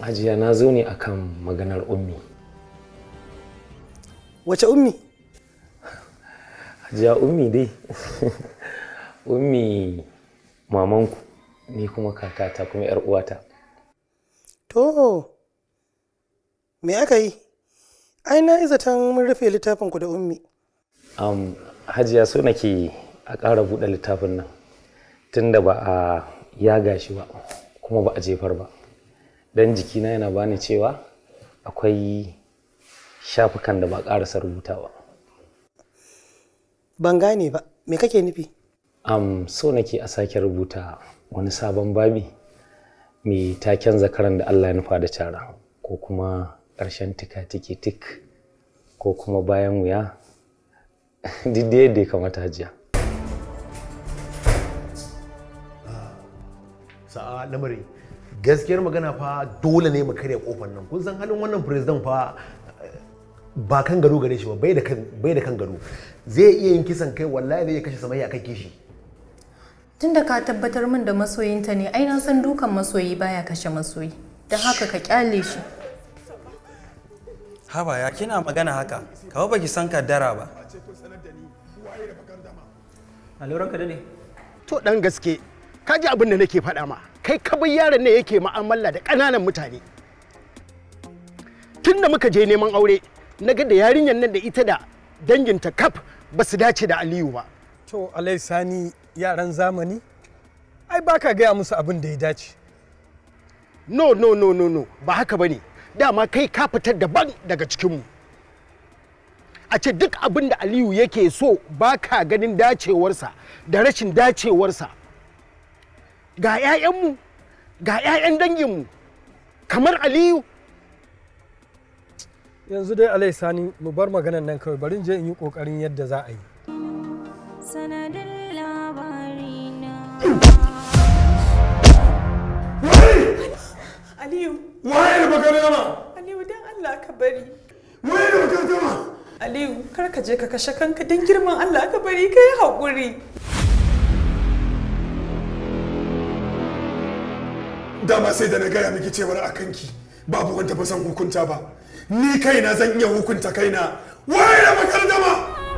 Ajiya na zo ne akan maganar ummi. Wace ummi? Ajiya ummi dai. ummi mamanku ni kuma kakata kuma yar uwata. To, me aka yi? Ai na izatan mun rufe ku da ummi. Um, Hajiya so nake a ƙara buɗe littafin nan tunda ba a ya gashi ba kuma ba a jefar ba. dan jikina yana bani cewa akwai shafukan da ba ƙarasa rubutawa ban gane ba me kake nufi Am so nake a sake rubuta wani sabon babi mai taken zakaran da allah ya nufa da tara, ko kuma ƙarshen tika tiki tik ko kuma bayan wuya duk da yadda ya kamata jiya. sa'a lamarin gaskiyar magana fa dole ne mu karya kofar nan kun san halin wannan president fa ba kan gado gare shi ba bai da kan bai da kan gado zai iya yin kisan kai wallahi zai kashe samayya kai kishi tunda ka tabbatar min da masoyinta ne ai na san dukan masoyi baya kashe masoyi don haka ka kyale shi haba ya kina magana haka kawo baki san ka dara ba a ka ne. to dan gaske kaji abin da nake faɗa ma kai kabai yaron ne yake ma'amala da ƙananan mutane tun da muka je neman aure na ga da yarinyar nan da ita da danginta kaf ba su dace da aliyu ba to alai sani yaran zamani ai ba ka gaya musu abin da ya dace no no no no no ba haka ba ne dama kai ka fitar daban daga cikinmu a ce duk abin da aliyu yake so ba ka ganin dacewarsa da rashin dacewarsa ga 'ya'yanmu ga 'ya'yan danginmu kamar aliyu yanzu dai alai sani mu bar maganan nan kawai bari je in yi kokarin yadda za a yi aliyu waye da baka ma aliyu dan allah ka bari waye da baka ma aliyu kar ka je ka kashe kanka dan girman allah ka bari kai haƙuri dama sai da na gaya miki cewar a kanki babu wanda ba zan hukunta ba ni kaina zan iya hukunta kaina waye da makardama